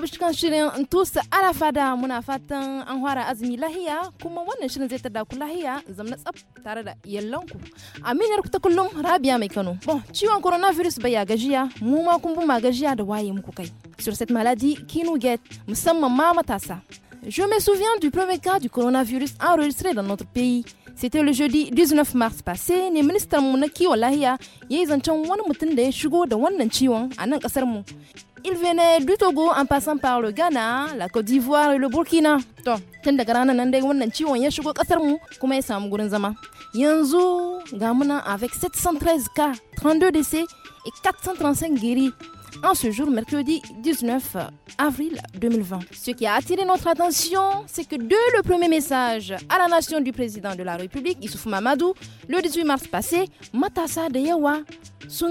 babu cikin shirin tusa arafada muna fatan an fara azumi lahiya kuma wannan shirin zai tada ku lahiya zamna tsaf tare da yallanku aminar ku ta kullum rabia mai kano bon ciwon coronavirus bai ya gajiya mu ma kun ma magajiya da waye muku kai sur cette maladie qui nous guette musamman ma matasa je me souviens du premier cas du coronavirus enregistré dans notre pays c'était le jeudi 19 mars passé ne ministre mu na kiwon lahiya ya yi zancen wani mutum da ya shigo da wannan ciwon a nan kasar mu. Il venait du Togo en passant par le Ghana, la Côte d'Ivoire et le Burkina. To, tun daga ranar nan dai wannan ciwon ya shigo kasar mu kuma ya samu gurin zama. Yanzu ga avec 713 cas, 32 décès et 435 guéris en ce jour, mercredi 19 avril 2020. Ce qui a attiré notre attention, c'est que dès le premier message à la nation du président de la République, Issoufou Mamadou, le 18 mars passé, Matassa de yawa sun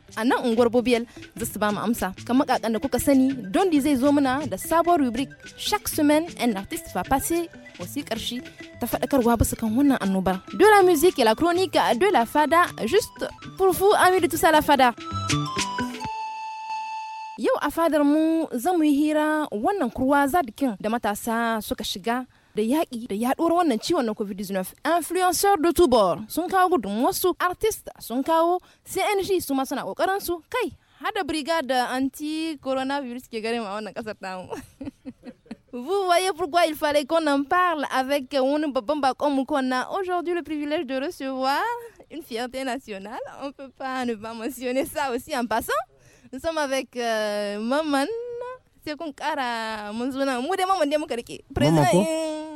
a nan unguwar bobiyal ba mu amsa kamar kakan da kuka sani dondi zai zo mana da sabon rubric chaque semaine un artiste va passer wasikar shi ta faɗakarwa su kan wannan annobar de la musique et la chronique de la fada juste pour vous amis de tout ça la fada yau a fadar mu zamu yi hira wannan kurwa zadikin da matasa suka shiga da yaƙi da yaɗuwar wannan ciwon na covid-19 influencer da tubar sun kawo gudun wasu artist sun kawo cng su ma suna ƙoƙarin su kai hada brigade anti coronavirus ke garin a wannan ƙasar tamu Vous voyez pourquoi il fallait qu'on en parle avec un Babamba comme qu'on a aujourd'hui le privilège de recevoir une fierté nationale. On ne peut pas ne pas mentionner ça aussi en passant. Nous sommes avec euh, Maman. C'est qu'on cara mon mu maman Diamoukariki. muka rike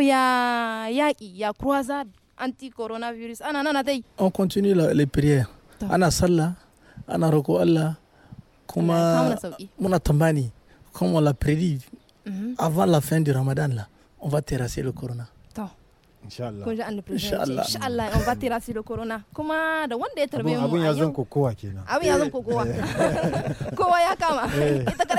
ya croisade anti coronavirus ah, on continue les prières ana salla, ana roko Allah comme on l'a prédit mhm. avant la fin du Ramadan là on va terrasser le corona Insha'Allah. on va terrasser le corona. Comment?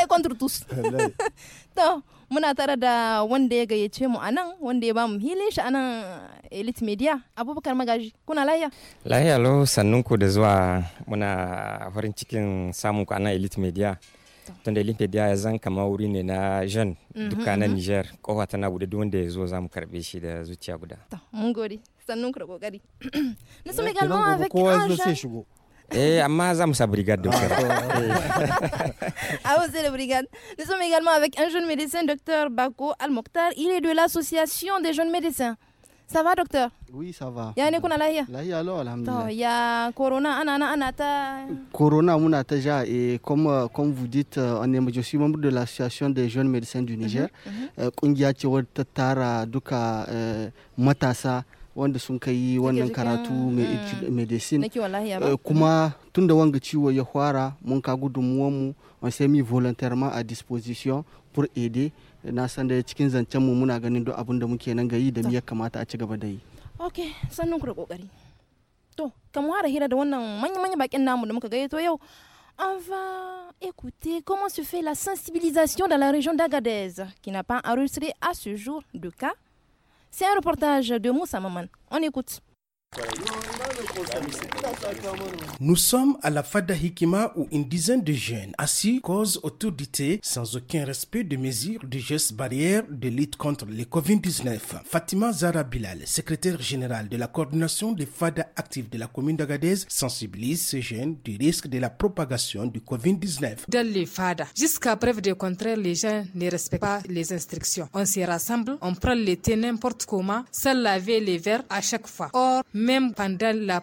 contre tous. Eh, muna tare da wanda ya gayyace mu a nan wanda ya ba mu hilin shi a nan elite media abubakar magaji kuna lahiya lahiya lo sannun ku da zuwa muna farin cikin samun ku a nan elite media tun da elite media ya zan kama wuri ne na jean mhm, duka na mhm. niger kowa tana bude duk wanda ya zo za mu karbe shi da zuciya guda mun gode sannun ku da kokari mai galma Et à ma sa brigade Ah, c'est la brigade. Nous sommes également avec un jeune médecin, docteur Bako Al-Mokhtar. Il est de l'association des jeunes médecins. Ça va, docteur Oui, ça va. il y a lahiya? Lahiya lo alhamdulillah. To ya corona ana ana Corona muna ta et comme euh, comme vous dites euh, je suis membre de l'association des jeunes médecins du Niger. a ce wadda tara duka euh, matasa wanda sun kai wannan karatu mm, medicine eh, kuma tun da wanga ciwo ya fara mun ka gudunmuwanmu on s'est mis volontairement à disposition pour aider na san da cikin zancen mu muna ganin duk abin da muke nan ga yi da ya kamata a ci gaba da yi ok sannun ku da kokari to kamar hara hira da wannan manyan manyan bakin namu da muka gayyato yau on va écouter comment se fait la sensibilisation dans la région d'Agadez qui n'a pas enregistré à ce jour de cas c'est un reportage de Moussa Maman. On écoute. Nous sommes à la Fada Hikima où une dizaine de jeunes assis causent autour du thé sans aucun respect de mesures de gestes barrières de lutte contre le Covid-19. Fatima Zara Bilal, secrétaire générale de la coordination des Fada actifs de la commune d'Agadez, sensibilise ces jeunes du risque de la propagation du Covid-19. Dans les Fada, jusqu'à preuve de contraire, les jeunes ne respectent pas les instructions. On se rassemble, on prend le thé n'importe comment, sans laver les verres à chaque fois. Or, même pendant la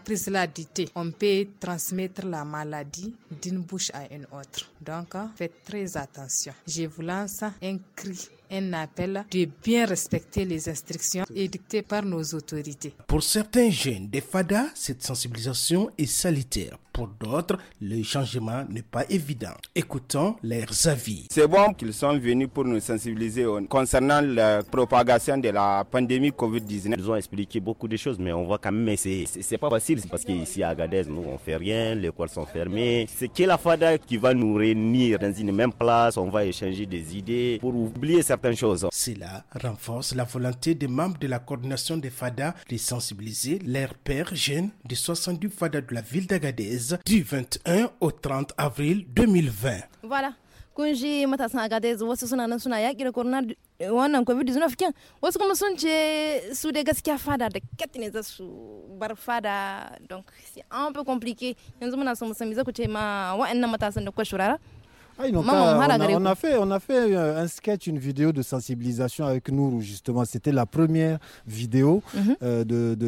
thé, on peut transmettre la maladie d'une bouche à une autre. Donc, faites très attention. Je vous lance un cri un appel de bien respecter les instructions édictées par nos autorités. Pour certains jeunes des FADA, cette sensibilisation est salutaire. Pour d'autres, le changement n'est pas évident. Écoutons leurs avis. C'est bon qu'ils sont venus pour nous sensibiliser concernant la propagation de la pandémie Covid-19. Ils ont expliqué beaucoup de choses, mais on voit quand même C'est pas facile parce qu'ici à Agadez, nous on fait rien, les écoles sont fermées. C'est que la FADA qui va nous réunir dans une même place, on va échanger des idées pour oublier certains certaines Cela renforce la volonté des membres de la coordination des FADA de sensibiliser leurs pères jeunes de 70 FADA de la ville d'Agadez du 21 au 30 avril 2020. Voilà. quand j'ai matasan agadez wasu suna nan suna yaƙi corona wannan covid-19 kin wasu kuma sun ce su dai gaskiya fada da kat ne za su bar fada un un peu compliqué yanzu muna so mu sami za ku ce ma wa'annan matasan da kuka shurara ah, on, a, fait, on a fait euh, un sketch, une vidéo de sensibilisation avec où justement. C'était la première vidéo mhm. euh,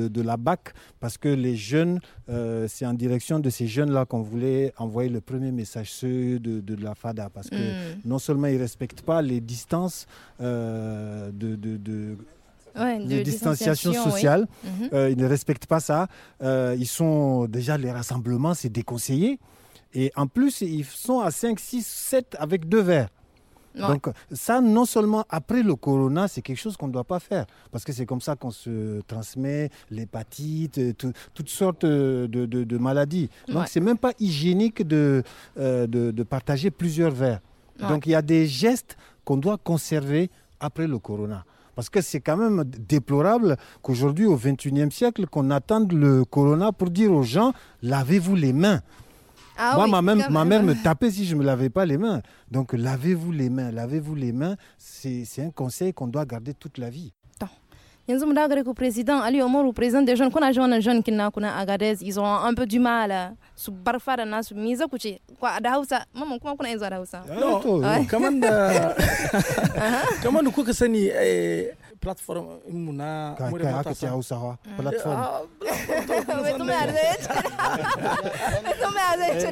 de, la BAC, parce que les jeunes, euh, c'est en direction de ces jeunes-là qu'on voulait envoyer le premier message, ceux de, la FADA, parce que mhm. non seulement ils ne respectent pas les distances de, de distanciation, mhm. ils ne respectent pas ça. ils sont déjà les rassemblements, c'est déconseillé. Et en plus, ils sont à 5, 6, 7 avec deux verres. Donc ça, non seulement après le corona, c'est quelque chose qu'on ne doit pas faire, parce que c'est comme ça qu'on se transmet l'hépatite, euh, toutes sortes euh, de, maladies. Donc ce c'est même pas hygiénique de, euh, de, partager plusieurs verres. Donc il y a des gestes qu'on doit conserver après le corona. Parce que c'est quand même déplorable qu'aujourd'hui, au XXIe siècle, qu'on attende le corona pour dire aux gens, lavez-vous les mains. Ah Moi, oui, ma, même, ma mère me tapait si je ne me lavais pas les mains. Donc, lavez-vous les mains, lavez-vous les mains. C'est un conseil qu'on doit garder toute la vie. yanzu mu dawo gare ku Président, ali umaru president da jeune kuna ji wannan jeune kin naku na agadez ils ont un peu du mal euh, su bar fada nasu me za ku ce da hausa maman kuma kuna yin zuwa da hausa kamar ça kamar platform mu na mu da matasa kai hausawa mm. platform mutum ya zai ce mutum ya zai ce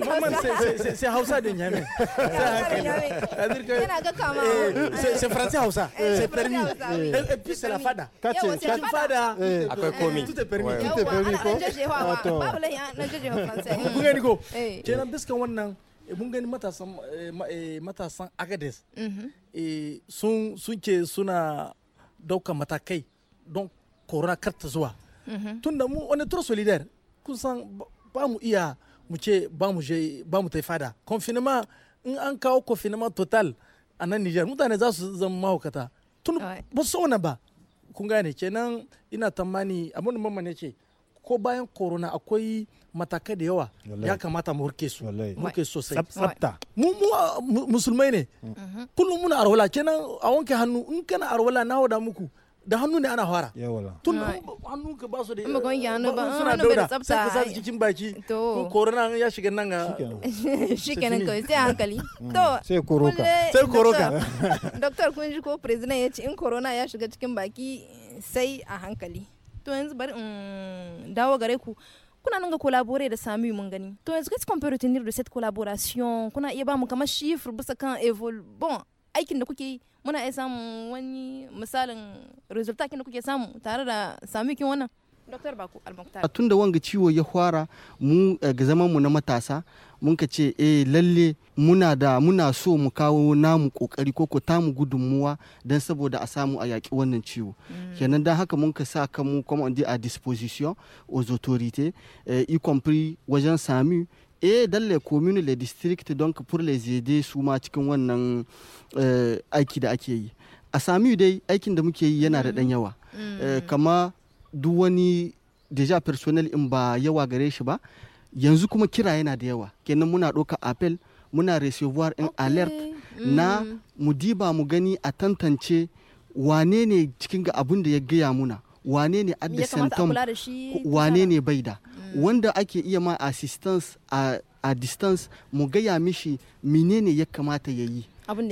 se sai hausa de nyame sai hankali yana ga kama eh, sai faransa hausa eh, Se permi et eh, puis c'est la fada kace kace fada akwai ah, komi tout est permis tout est ah, permis ko babu lai na jeje faransa kun gani ko kenan biskan wannan mun gani matasan matasan agades sun sun ke suna daukan matakai don korona kar ta zuwa mhm. tunda mu wani tur solidaire kun san ba mu iya mu ce ba mu je fada confinement in an kawo confinement total a nan nijar mutane za su zama mahaukata tun ba su ba kun gane kenan ina tamani abin da mamman ce ko bayan korona akwai matakai da yawa ya kamata mu rike su mu rike sosai tsafta mu mu musulmai ne mm. mhm. kullum muna arwala kenan a wanke hannu in kana arwala na hoda muku da hannu ne ana fara tun hannu ka ba su da ba hannu ba ah, suna dauda sai ka sa cikin baki korona corona ya shiga nan ah. ga shikenan kawai sai mm. hankali mm. to sai koroka sai koroka doctor kun ji ko president ya ce in corona ya shiga cikin baki sai a hankali to yanzu bari in dawo gare ku kuna ce collaborer da sami Mangani. gani qu'est-ce qu'on peut retenir de cette collaboration kuna a e e mu kamar chiffre bon aikin da kuke muna wani misalin resultat kin samu tare da sami kin wannan Baku A wanga ciwo ya mu ga na matasa mun ka ce eh lalle muna da muna so mu kawo namu kokari ko ko tamu gudunmuwa don saboda a samu a yaƙi wannan ciwo mm. kenan don haka mun ka sa kanmu kuma a disposition aux autorités eh, y compris wajen sami e eh, dalle commune le district donc pour les aider su ma cikin wannan eh, aiki da ake yi a sami dai aikin da muke yi yana da dan yawa mm. eh, kama duk wani deja personnel in ba yawa gare shi ba yanzu kuma kira yana da yawa kenan muna ɗauka apel muna recevoir in okay. alert mm. na mu diba mu gani a tantance wane ne cikin ga abin da ya gaya muna wane ne at the same time wane ne bai da mm. wanda ake iya ma assistance a, a distance mu gaya mishi menene ya kamata ya yi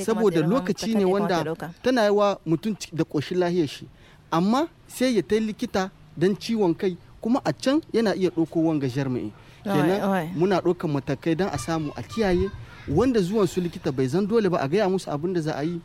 saboda lokaci ne wanda tana yawa mutum da ƙoshin lahiyar shi amma sai ya ta likita don ciwon kai kuma a can yana iya ɗauko wanga jarmi'in kenan muna ɗaukan matakai don a samu a kiyaye wanda zuwan su likita bai zan dole ba a gaya musu abin da za a yi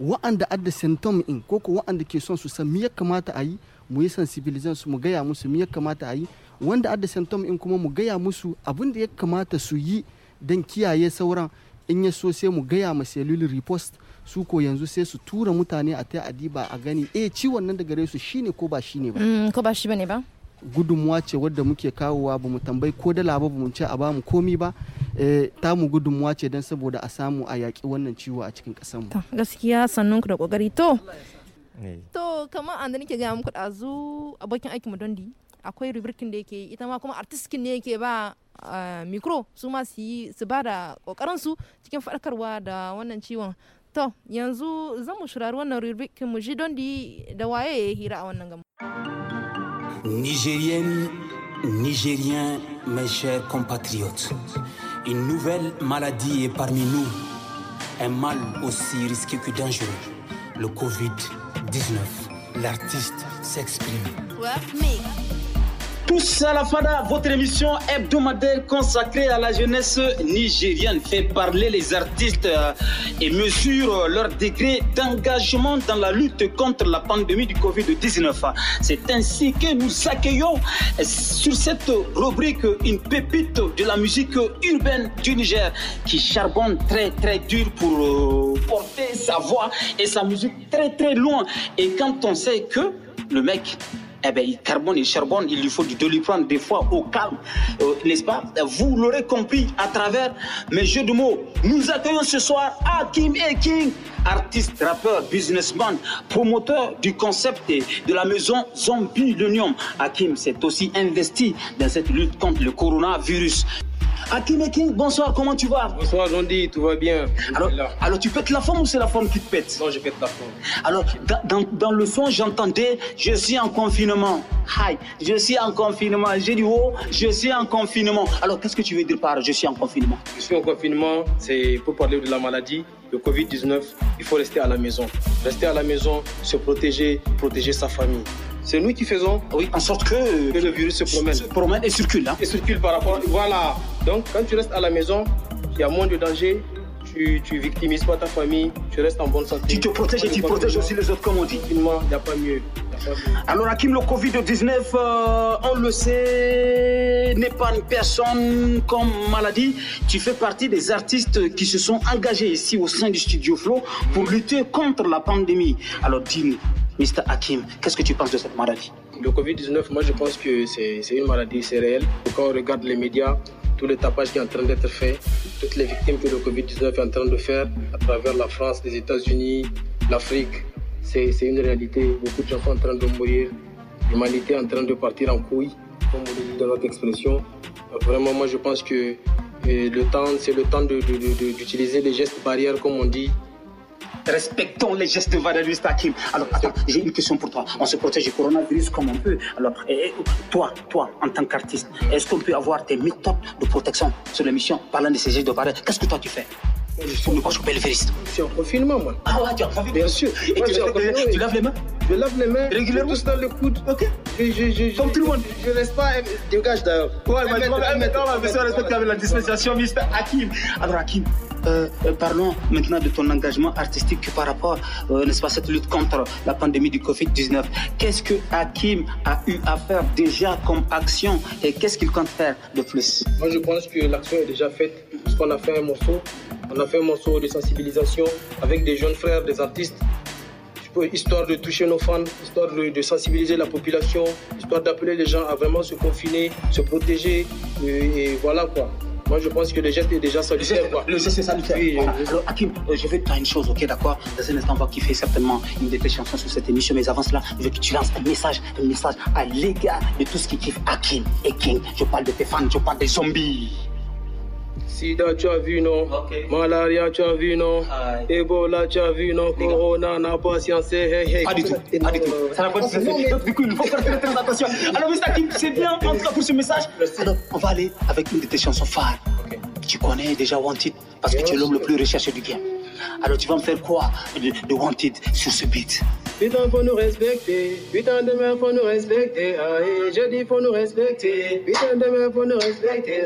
wa'anda adda symptom in ko ko wa'anda ke son su san me ya kamata a yi mu yi sensibilizan su mu gaya musu me ya kamata a yi wanda adda symptom in kuma mu gaya musu abin da ya kamata su yi don kiyaye sauran in ya so sai mu gaya ma cellular repost su ko yanzu sai su tura mutane a ta adiba a gani eh ciwon nan da gare su shine ko ba shine ba mm, ko ba shi bane ba gudunmuwa ce wadda muke kawowa ba mu tambayi ko dala ba mu ce a ba mu komi ba eh, ta mu gudunmuwa ce don saboda a samu a yaƙi wannan ciwo a cikin mu. gaskiya sannunku da kokari to eh. to kamar an da nake gaya muku ɗazu abokin mu dondi akwai rubrikin da yake ita ma kuma artiskin ne yake ba mikro su ma su yi su ba da ƙoƙarinsu cikin faɗakarwa da wannan ciwon to yanzu zan mu shirar wannan rubrikin mu ji dondi da waye ya hira a wannan gama. Nigérienne, Nigérien, mes chers compatriotes, une nouvelle maladie est parmi nous, un mal aussi risqué que dangereux, le Covid-19. L'artiste s'exprime tous à la FADA, votre émission hebdomadaire consacrée à la jeunesse nigérienne fait parler les artistes euh, et mesure leur degré d'engagement dans la lutte contre la pandémie du Covid-19. C'est ainsi que nous accueillons euh, sur cette rubrique une pépite de la musique urbaine du Niger qui charbonne très très dur pour euh, porter sa voix et sa musique très très loin. Et quand on sait que le mec eh bien, il carbone, il charbon, il lui faut de lui prendre des fois au calme, euh, n'est-ce pas Vous l'aurez compris à travers mes jeux de mots. Nous accueillons ce soir Hakim et King, artiste, rappeur, businessman, promoteur du concept de la maison Zombie à Hakim s'est aussi investi dans cette lutte contre le coronavirus. Akime bonsoir, comment tu vas Bonsoir, Jondi, tout va bien. Alors, tu pètes la forme ou c'est la forme qui te pète Non, je pète la forme. Alors, dans, dans le son, j'entendais je suis en confinement. Hi, je suis en confinement. J'ai dit oh, je suis en confinement. Alors, qu'est-ce que tu veux dire par je suis en confinement Je suis en confinement, c'est pour parler de la maladie le Covid-19, il faut rester à la maison. Rester à la maison, se protéger, protéger sa famille. C'est nous qui faisons en sorte que, le virus se promène. Se et circule. Hein. Et circule par rapport. Voilà. Donc, quand tu restes à la maison, il y a moins de danger. Tu, tu victimises pas ta famille, tu restes en bonne santé. Tu te protèges et tu protèges aussi les autres, comme on dit. Il n'y a pas mieux. Alors, Hakim, le Covid-19, euh, on le sait, n'est pas une personne comme maladie. Tu fais partie des artistes qui se sont engagés ici au sein du studio Flow pour lutter contre la pandémie. Alors, dis-nous, Mr. Hakim, qu'est-ce que tu penses de cette maladie Le Covid-19, moi je pense que c'est une maladie, c'est réel. Quand on regarde les médias, tout le tapage qui est en train d'être fait, toutes les victimes que le Covid-19 est en train de faire à travers la France, les États-Unis, l'Afrique, c'est une réalité. Beaucoup de gens sont en train de mourir, l'humanité est en train de partir en couille, comme on dit dans notre expression. Vraiment, moi je pense que euh, le temps, c'est le temps d'utiliser les gestes barrières, comme on dit, Respectons les gestes de Valérie Stakim. Alors, attends, j'ai une question pour toi. On se protège du coronavirus comme on peut. Alors, eh, eh, toi, toi, en tant qu'artiste, est-ce qu'on peut avoir des méthodes de protection sur l'émission parlant de ces gestes de Valérie Qu'est-ce que toi tu fais Je suis en confinement, moi. Ah ouais, tu as confinement Bien sûr. Et tu, laves, les mains Je lave les mains. Régulièrement Tous dans le coude. Ok. Comme tout le monde. Je ne laisse pas. Euh, dégage d'ailleurs. Ouais, mais maintenant, ça, question respecte la dispensation, Mr. Hakim. Alors, Hakim, euh, euh, parlons maintenant de ton engagement artistique par rapport, à euh, nest cette lutte contre la pandémie du Covid-19. Qu'est-ce que Hakim a eu à faire déjà comme action et qu'est-ce qu'il compte faire de plus Moi, je pense que l'action est déjà faite parce qu'on a fait un morceau. On a fait un morceau de sensibilisation avec des jeunes frères, des artistes histoire de toucher nos fans, histoire de, sensibiliser la population, histoire d'appeler les gens à vraiment se confiner, se protéger, et voilà quoi. Moi, je pense que le geste est déjà salutaire. Le, le geste, est salutaire. Oui, je... Hakim, euh, je veux te dire une chose, ok, d'accord Dans un instant, on va kiffer certainement une des chansons sur cette émission. Mais avant cela, je veux que tu lances un message, un message à l'égard de tout ce qui kiffe Hakim et King. Je parle de tes fans, je parle des zombies. Sida, tu as vu, non Malaria, tu as vu, non Ebola, tu as vu, non Corona, n'a pas science. Eh, eh, eh. Pas du tout, pas du tout. Ça n'a pas de sens. du coup, il faut faire très, attention. Alors, Mr. c'est bien, en tout cas, pour ce message. on va aller avec une de tes chansons phares. Tu connais déjà Wanted, parce que tu es l'homme le plus recherché du game. Alors tu vas me faire quoi de, Wanted sur ce beat Putain, faut nous respecter. Putain, demain, faut nous respecter. Ah, je dis, faut nous respecter. Putain, demain, faut nous respecter.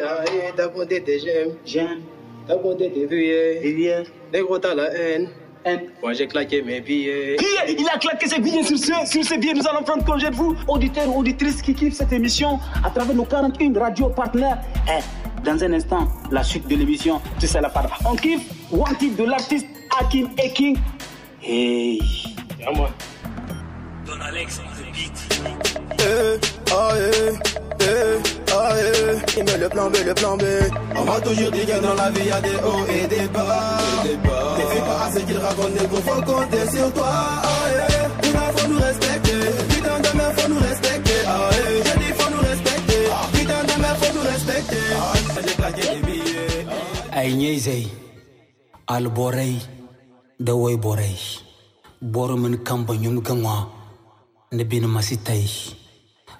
D'abord ta t'es j'aime. J'aime. Ta t'es vieux. Les gros, t'as la haine. Moi j'ai claqué mes billets. Il a claqué ses billets sur, ce, sur ces billets. Nous allons prendre congé de vous, auditeurs, auditrices qui kiffent cette émission à travers nos 41 radios partenaires. Eh, dans un instant, la suite de l'émission, tu sais la part. On kiffe Wanted de l'artiste Akin Eking. Hey. À moi. Don Alex, the beat. Eh, ah, eh, eh, ah, eh. Il met le plan B, le plan B. On va toujours dire que dans la vie, y a des hauts et des bas. Et des bas. T'es fait pas assez qu'il raconte, gros. faut compter sur toi. Ah, eh. Putain, ah, eh. faut nous respecter. Putain, demain, faut nous respecter. Ah, hey. faut nous respecter. Putain, demain, faut nous respecter. Ah, j'ai plaqué des billets. alborai da waiborai boromin kamba nyum gangwa ne bin masitai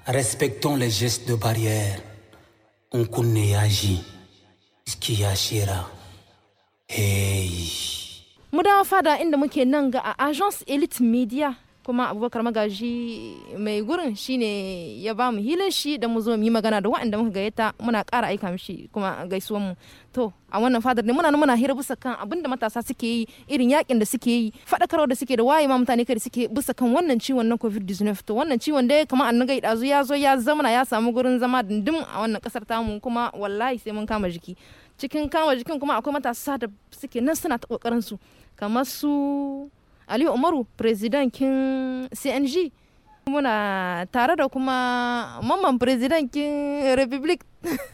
respectons les gestes de barrière un kunne yaji ki ya shira hey mu dawo fada inda muke nan ga a agence elite media kuma abubakar magaji mai gurin shine ya ba mu hilin shi da mu zo mu yi magana da waɗanda muka gayyata muna ƙara aika mishi kuma gaisuwan mu to a wannan fadar ne muna nan muna hira bisa kan abinda matasa suke yi irin yakin da suke yi faɗakarwa da suke da waye ma mutane kai da suke bisa kan wannan ciwon na covid-19 to wannan ciwon dai kamar annaga ya zo ya zo ya zamana ya samu gurin zama dindim a wannan kasar tamu kuma wallahi sai mun kama jiki cikin kama jikin kuma akwai matasa da suke nan suna ta kokarin su kamar su ali umaru president kin cng muna tare da kuma mamman president kin republic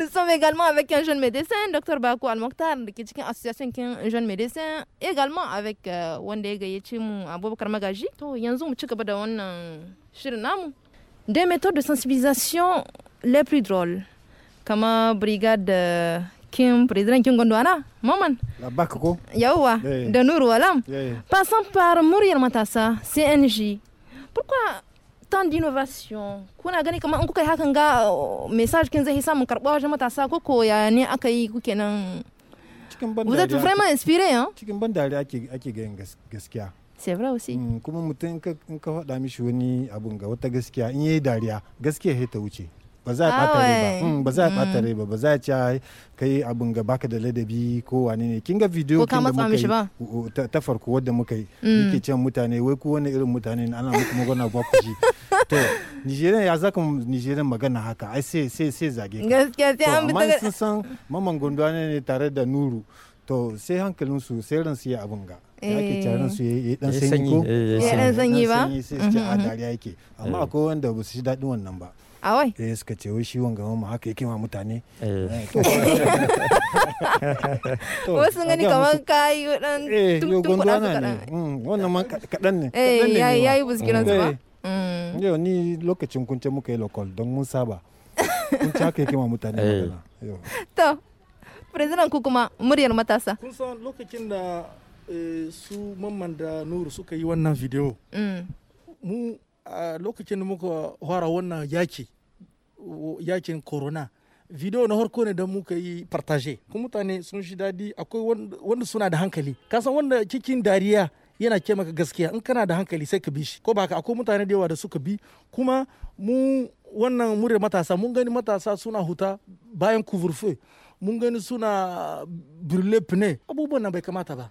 Nous sommes également avec un jeune médecin, Dr Bakou Al-Mokhtar, qui est une association qui est un jeune médecin. Également avec euh, Wande Gayetim Aboubakar Magaji. Oh, euh, Des méthodes de sensibilisation les plus drôles. Comme brigade de euh, président kin gondo ana maman La Bakou. Yaoua. de Nourou Alam. passant par mourir Matassa, CNJ. pourquoi tant d'innovation kuna gani kamar an kuka yi hakan ga oh, message kin zai samun karɓa wajen matasa ko ko ya ne aka yi kuke nan cikin ban dariya vous vraiment inspiré hein cikin ban dariya ake ake ga gaskiya c'est vrai aussi mm, kuma mutum in ka faɗa mishi wani abun ga wata gaskiya in yayi dariya gaskiya sai ta wuce ba za a bata ba mm, ba za a bata mm. rai ba ba za a ci kai abin ga baka da ladabi ko wane ne kin ga video kin da muka yi ta farko wadda muka yi yake mm. ce mutane wai ku wani irin mutane ne ana muku magana ba ku ji to nigeria ya zaka nigeria magana haka ai sai sai sai zage ka gaskiya sai an bi amma sun san maman gondo ne tare da Nuru to sai hankalinsu sai su ya abin ga yake taron su ya dan eh. sanyi ko eh, ya dan sanyi ba sai su a mm-hmm. dariya yake amma eh. akwai wanda ba su ji daɗin wannan ba a wai eh suka ce wai shi wanga ma haka yake ma mutane eh. Eh, to wasu gani kamar kai dan tuntun kuɗa su kaɗan mm, wannan man kaɗan ne eh yayi buskiran su ba eh. mm. Yo, ni lokacin ce muka yi lokal don mun saba kun haka yake ma mutane to president ku kuma muryar matasa kun san lokacin da su mamman da nuru suka yi wannan video mm. mu a lokacin da muka fara wannan yaki yakin corona video na harko ne da muka yi partage kuma mutane sun shi dadi akwai wanda suna da hankali kasan wanda cikin dariya yana ke maka gaskiya in kana da hankali sai ka bi shi ko baka akwai mutane da yawa da suka bi kuma mu wannan mure matasa mun gani matasa suna huta bayan kuvurfe mun gani suna birle ne abubuwan nan bai kamata ba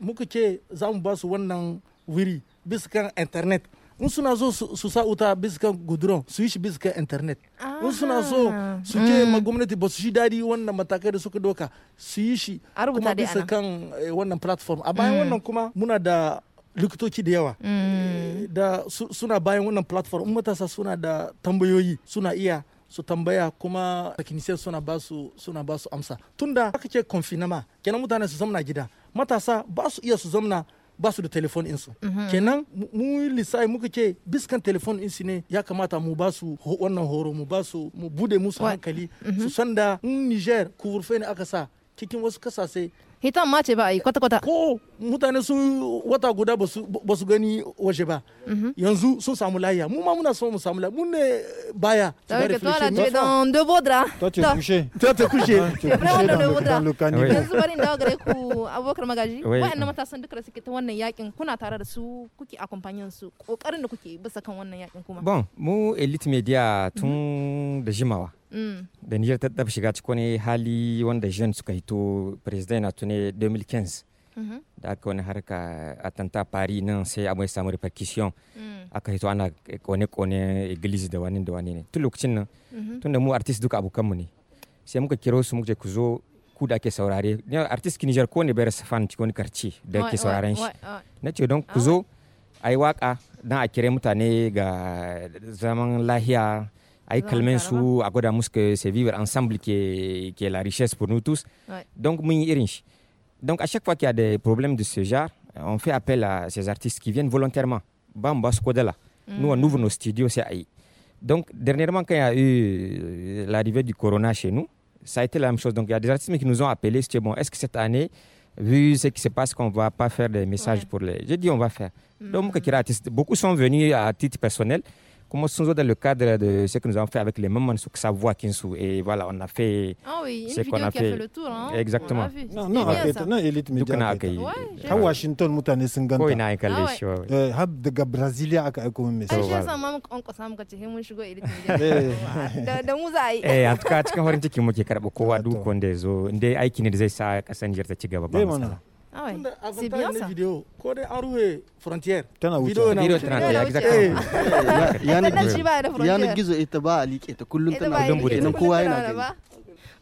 muka ce za mu ba su wannan wuri bisa kan internet in suna so su sa wuta bisa gudron su yi shi bisa internet in suna so su ce mm. ma gwamnati ba su shi dadi wannan matakai da suka doka su yi shi kuma bisa kan eh, wannan platform a bayan mm. wannan kuma muna da likitoci da yawa mm. eh, da suna bayan wannan platform in matasa suna da tambayoyi suna iya su tambaya kuma technician suna ba su suna ba su amsa tunda aka ce confinama kenan mutane su zamna gida matasa ba su iya su zamna ba su da telefon insu mhm. kenan mu lissai muka ce biskan telefon insu ne ya kamata mu ba su wannan horo mu ba su mu bude musu hankali mhm. su san da in niger couvre ne aka sa cikin wasu kasashe hitan ma ce ba a yi kwata-kwata ko mutane su wata guda ba su gani waje ba mhm. yanzu sun samu lahiya mu ma muna so mu samu lahiya mun ne baya ta ke tola ce don deux baudra ta ce couché ta ce couché ah, yanzu bari dawo gare ku abokar magaji wa'annan matasan duka da suke ta wannan yakin kuna tare da su kuke akwamfanyan su kokarin da kuke bisa kan wannan yakin kuma bon mu elite media tun da jimawa Mm. da niger ta tafi shiga cikin wani hali wanda jean suka hito president na tuni 2015 da aka wani harka atanta paris nan sai ya samu repercussion mm. aka hito ana kone-kone iglis da wani da wani ne tun lokacin nan mhm. tun da mu artist duka abokanmu ne sai muka kiro su muka ku zo ku da ake saurare artist ki niger ko ne bayar safan cikin wani karce da ke sauraren shi na ce don ku ah, zo a yi waka don a kire mutane ga zaman lahiya Avec le su c'est vivre ensemble qui est, qui est la richesse pour nous tous. Donc, Donc, à chaque fois qu'il y a des problèmes de ce genre, on fait appel à ces artistes qui viennent volontairement. Nous, on mm. ouvre nos studios, c'est Aïe. Donc, dernièrement, quand il y a eu euh, l'arrivée du Corona chez nous, ça a été la même chose. Donc, il y a des artistes qui nous ont appelés, c'était bon, est-ce que cette année, vu ce qui se passe, qu'on ne va pas faire des messages pour les. J'ai dit, on va faire. Mm. Donc, beaucoup sont venus à titre personnel. Comment sont dans le cadre de ce que nous avons fait avec les mamans sa Savoie Et voilà, on a fait. Ah oui, a le tour. Exactement. Non, non, non, ah ouais. C'est bien ça. Vidéo. Kode aruwe frontière. Tana wuce. Video na wuce. Ya gida kan. Yana gizo ita ba a liƙe ta kullum tana don bude nan kowa yana gani.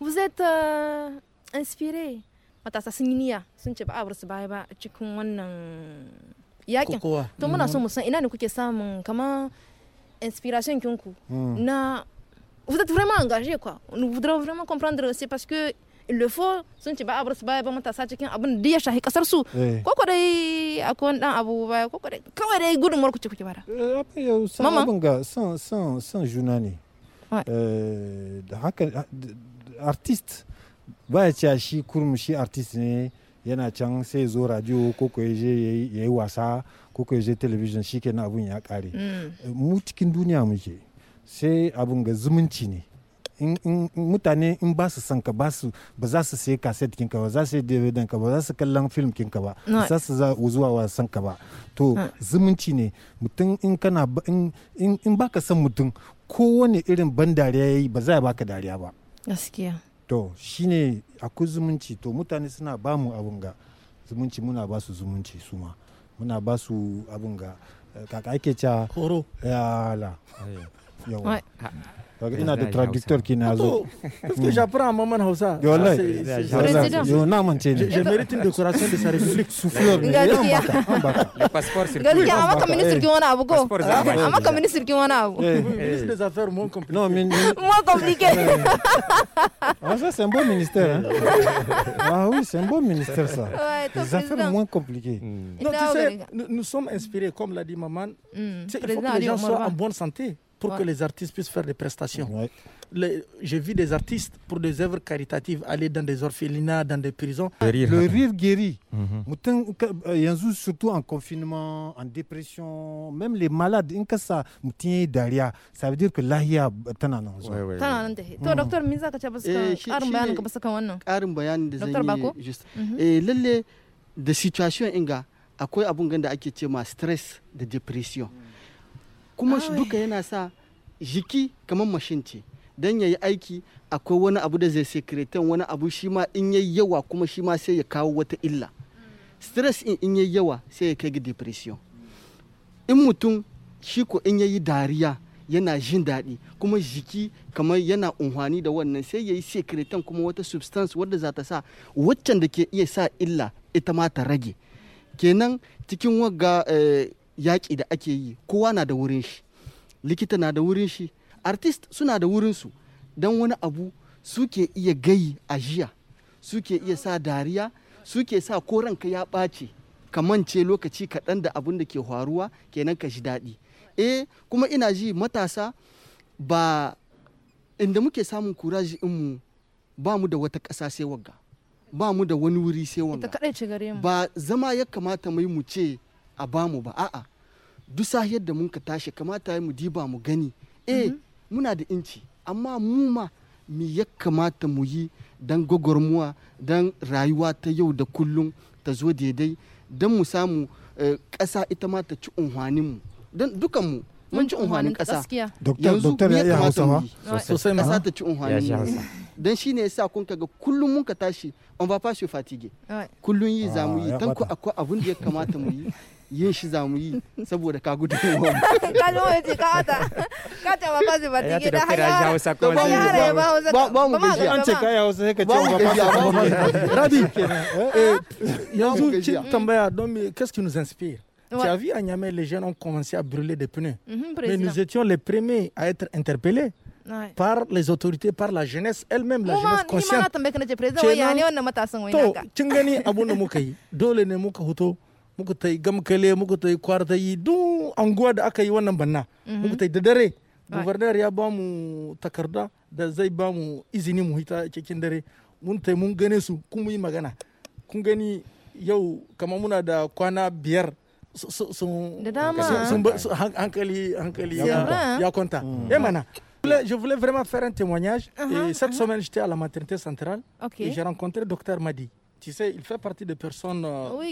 Vous êtes euh, inspiré. Mata sa yi niyya sun ce ba a bursu baya ba cikin wannan yakin. To muna so mu san ina ne kuke samun kama inspiration kinku mm. na vous êtes vraiment engagé quoi. Nous voudrons vraiment comprendre c'est parce que lefo sun ci ba a bar su baya ba matasa cikin abin da ya shahi kasar su eh. ko ko dai akwai wani dan abu baya ko dai kawai dai gudunmuwar ku ce kuke bada eh, mama abin ga san san juna ne eh, da haka artist baya cewa shi kurum shi artist ne yana can sai zo radio ko ko je yayi wasa ko ko je television kenan abun ya kare mm. mu cikin duniya muke sai abun ga zumunci ne mutane in ba su san ka ba su ba za su sayi kaset kinka ba za su yi dvd ka ba za su kallon film kinka ba ba za su zuwa san ka ba to zumunci ne mutum in kana in ba ka son mutum kowane irin ban dariya ya yi ba za a baka dariya ba gaskiya to shine akwai zumunci to mutane suna ba mu abun ga zumunci muna ba su zumunci su ma muna ba su abun ga kaka ake cewa horo yala eh. yawa Il a des traducteurs qui na Est-ce que hmm. j'apprends maman hausa ah, je mérite une décoration de sa république souffleur le passeport c'est le amma ka ministre qui wani a. le amma ka ministre ki wani ministre des affaires moins compliquées. moins compliqué ah ça c'est un bon ministère hein. ah oui c'est un bon ministère ça Les affaires moins compliquées non tu sais nous sommes inspirés comme l'a dit maman hmm, il faut que les gens soient en bonne santé pour que les artistes puissent faire des prestations. Ouais. J'ai vu des artistes pour des œuvres caritatives aller dans des orphelinats, dans des prisons. Le rire, hein. guérit. Mhm. Euh, surtout en confinement, en dépression, même les malades, ça veut dire que là, y a. Docteur, des situations, à stress de dépression kuma shi duka yana sa jiki kamar mashin ce don ya yi aiki akwai wani abu da zai sekretan wani abu shi ma in yi yawa kuma shi ma sai ya kawo wata illa stress in in yi yawa sai ya kai ga depression in mutum shi ko in yi dariya yana jin daɗi kuma jiki kamar yana unhwani da wannan sai ya yi sekretan kuma wata substance wadda za ta sa waccan da ke iya sa illa ita ma ta rage kenan cikin wagga eh, yaƙi da ake yi kowa na da wurin shi likita na da wurin shi artist suna da wurinsu don wani abu suke iya gayi a jiya suke iya sa dariya suke sa ko ranka ya ɓace ka mance lokaci kaɗan da abin da ke faruwa kenan ka ji daɗi e kuma ina ji matasa ba inda muke samun kuraji mu ba mu da wata ƙasa sai wagga ba mu da wani wuri sai wanga ba zama ya kamata mai mu ce a bamu ba a'a duk sahiyar da mun ka tashi kamata mu diba mu gani eh mhm. muna da inci amma mu ma mi ya kamata mu yi don gwagwarmuwa don rayuwa ta yau da kullum ta zo daidai don mu samu eh, ƙasa ita ma ta ci unhwanin mu don dukan mu mun ci unhwanin ƙasa yanzu me ya kamata mu yi ƙasa ta ci unhwanin mu don shi ne yasa kun kaga kullum mun ka tashi on va pas se fatiguer kullum yi ah, za mu yi don ko akwai abin da ya kamata mu yi yin shi za mu yi saboda ka gudu ka zo ya ka ta ka ta ba ba ba ta gida har ya ba ya ba ba mu gaji an ce kaya hausa sai ka ce ba ba rabi eh, eh, eh, yanzu ci tambaya don me qu'est-ce qui nous inspire Ouais. Tu as vu à Niamey, les jeunes ont commencé à brûler des pneus. Mm -hmm, Mais nous étions les premiers à être interpellés. Ouais. par les autorités, par la jeunesse elle-même, la jeunesse consciente muku ta yi gamkale muku ta kwarta yi duk anguwa da aka yi wannan banna mhm. muku ta da dare gubernar ya ba mu takarda da zai ba mu izini mu hita cikin dare mun ta mun gane su kun yi magana kun gani yau kamar muna da kwana biyar hankali hankali ya kwanta ya mm. eh, mana Je voulais vraiment faire un témoignage. Uh -huh, et cette uh -huh. semaine, j'étais à la maternité centrale okay. et j'ai rencontré le docteur Madi tu sais, il fait partie des personnes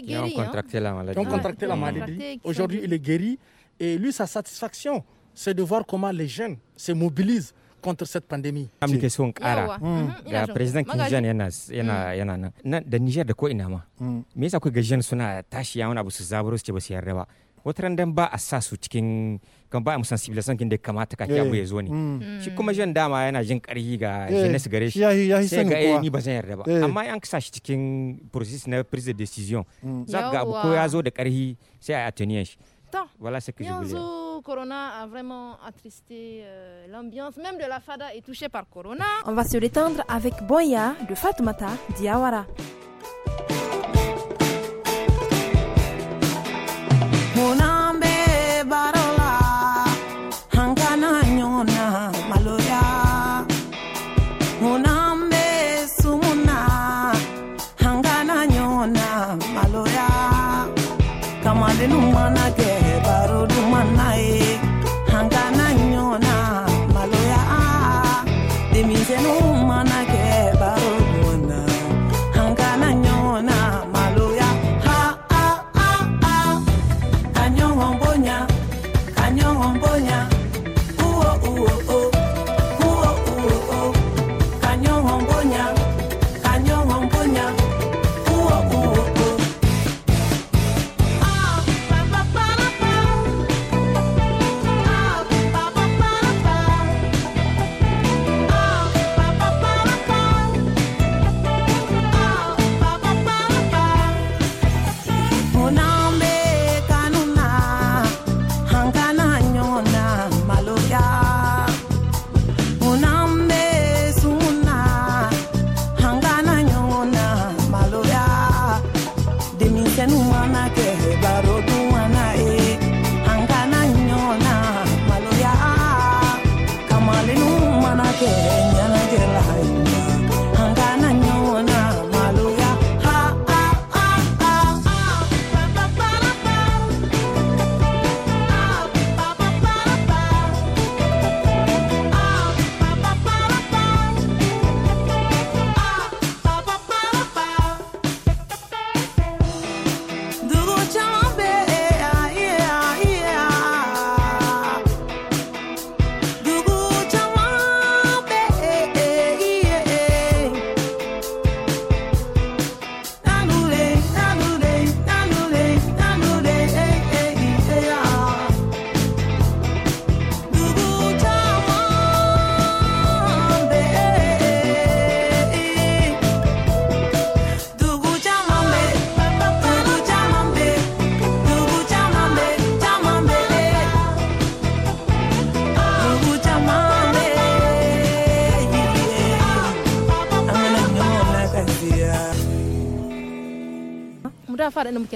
qui ont contracté la maladie. ont contracté la maladie. Aujourd'hui, il est guéri. Et lui, sa satisfaction, c'est de voir comment les jeunes se mobilisent contre cette pandémie. Il y a un président president est jeune. yana yana nan. Nan da Niger da ko ina ma. Me yasa kuka ga suna tashi ya wani abu su zaburo su jeune ba su yarda ba. dan ba a cikin kan ba mu sensibilisation kin da kamata ka kyabu eh, ya zo ne mm. shi kuma jan dama yana jin karhi ga eh, jeunesse gare shi sai ga eh ni ba zan yarda ba eh. amma an kasa shi cikin process na prise de decision mm. za ga abu ko ya zo da karhi sai a attenuer shi Voilà ce que je voulais. Corona a vraiment attristé euh, l'ambiance, même de la fada est touchée par Corona. On va se détendre avec Boya de Fatoumata Diawara.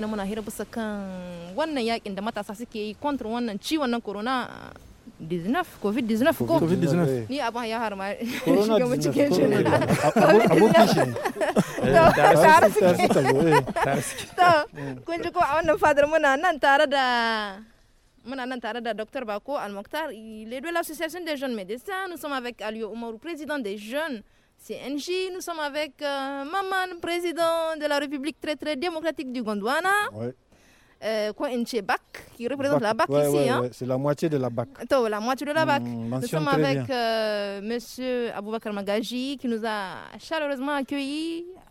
muke muna hira bisa kan wannan yakin da matasa suke yi kontra wannan ciwon na corona 19 eh, covid-19 ko covid-19 eh. ni abin ya ma eh, shiga mu cikin shi ne abokin shi tare suke to kun ji ko a wannan fadar muna nan tare da muna nan tare da dr bako al-mokhtar les deux l'association des jeunes médecins nous sommes avec alio umaru président des jeunes C'est nous sommes avec euh, Maman, président de la République très très démocratique du Gondwana. Oui. Euh, quoi, qui représente la BAC ici. Hein. C'est la moitié de la BAC. la moitié de la BAC. Hmm, nous sommes avec euh, Monsieur Aboubakar Magaji, qui nous a chaleureusement accueillis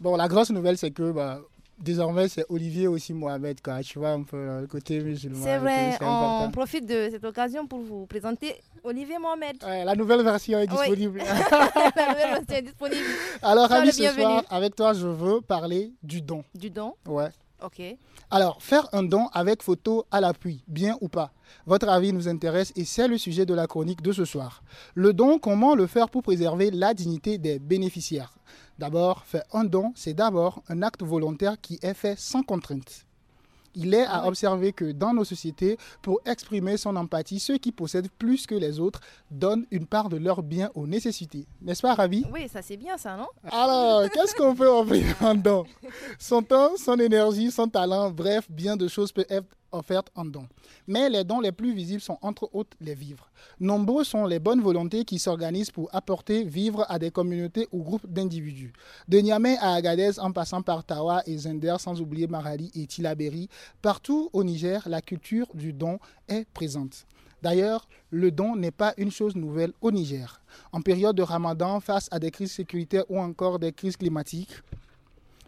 Bon, la grosse nouvelle, c'est que bah, désormais, c'est Olivier aussi Mohamed, Tu vois, un peu euh, le côté musulman. C'est vrai, on profite de cette occasion pour vous présenter Olivier Mohamed. la nouvelle version est disponible. la nouvelle version est disponible. Alors, ce soir, avec toi, je veux parler du don. Du don Ouais. Ok. Alors, faire un don avec photo à l'appui, bien ou pas Votre avis nous intéresse et c'est le sujet de la chronique de ce soir. Le don, comment le faire pour préserver la dignité des bénéficiaires D'abord, faire un don, c'est d'abord un acte volontaire qui est fait sans contrainte. Il est à ah observer que dans nos sociétés, pour exprimer son empathie, ceux qui possèdent plus que les autres donnent une part de leur bien aux nécessités. N'est-ce pas, Ravi Oui, ça c'est bien ça, non Alors, qu'est-ce qu'on peut offrir en don Son temps, son énergie, son talent, bref, bien de choses peuvent être offertes en dons. Mais les dons les plus visibles sont entre autres les vivres. Nombreux sont les bonnes volontés qui s'organisent pour apporter vivre à des communautés ou groupes d'individus. De Niamey à Agadez en passant par Tawa et Zender, sans oublier Marali et Tilaberi, partout au Niger, la culture du don est présente. D'ailleurs, le don n'est pas une chose nouvelle au Niger. En période de ramadan, face à des crises sécuritaires ou encore des crises climatiques,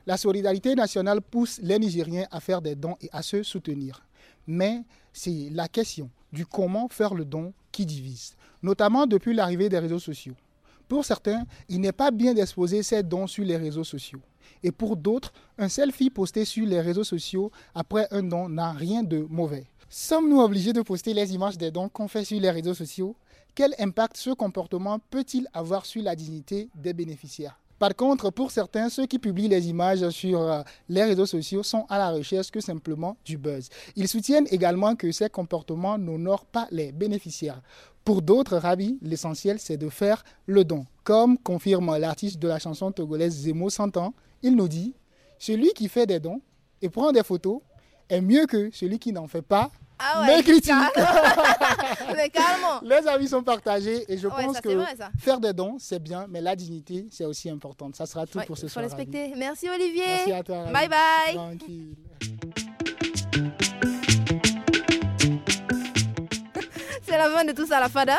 la solidarité nationale pousse les Nigériens à faire des dons et à se soutenir mais c'est la question du comment faire le don qui divise, notamment depuis l'arrivée des réseaux sociaux. Pour certains, il n'est pas bien d'exposer ces dons sur les réseaux sociaux. Et pour d'autres, un selfie posté sur les réseaux sociaux après un don n'a rien de mauvais. Sommes-nous obligés de poster les images des dons qu'on fait sur les réseaux sociaux Quel impact ce comportement peut-il avoir sur la dignité des bénéficiaires par contre, pour certains, ceux qui publient les images sur euh, les réseaux sociaux sont à la recherche que simplement du buzz. Ils soutiennent également que ces comportements n'honorent pas les bénéficiaires. Pour d'autres, ravis, l'essentiel, c'est de faire le don. Comme confirme l'artiste de la chanson togolaise Zemo Santan, il nous dit Celui qui fait des dons et prend des photos est mieux que celui qui n'en fait pas. Ah ouais, mais calme Les avis sont partagés et je pense que faire des dons, c'est bien, mais la dignité, c'est aussi important. Ça sera tout pour ce soir. Merci Olivier. Merci à toi. Bye bye. C'est la fin de tout ça, la fada.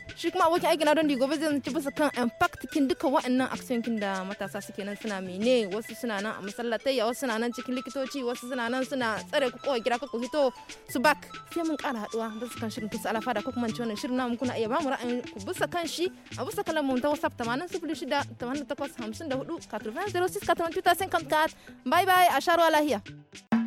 shi kuma abokin aiki na digo gobe zai ci kan impact kin duka wa'annan kin da matasa suke nan suna mene wasu suna nan a masallatai wasu suna nan cikin likitoci wasu suna nan suna tsare ku kowa gida ku hito su bak sai mun kara haduwa su kan shirin kusa alafa da kuma ci wannan shirin namu kuna iya ba mu ra'ayin ku bisa kan shi a bisa kalan mu ta WhatsApp 80 zero six 54 80 06 kan 54 bye bye a sharuwa lahiya